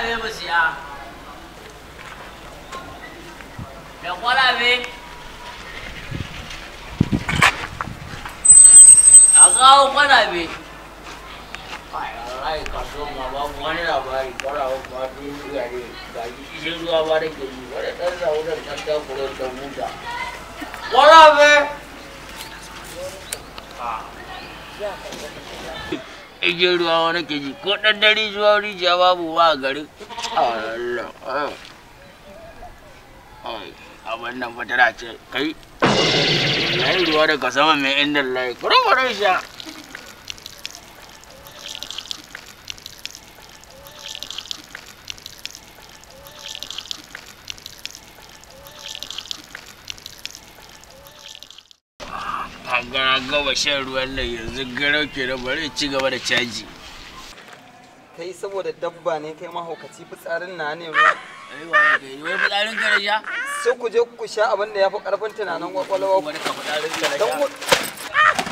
be mu siya babu wani labari igiyar ruwa wani ke ji ko ɗan dare zuwa rijiya babu wa a garin abin nan fatara ce kai yayin ruwa daga sama mai inda layi kuro sha a hangara gaba shan ruwan nan yanzu garau ke da bari ci gaba da caji kai saboda dabba ne kai mahaukaci fitsarin na ne ruwa aiwa da yi wai fitsarin garaja sai ku je ku sha abin da ya fi karfin tunanin kwakwalwa ku dan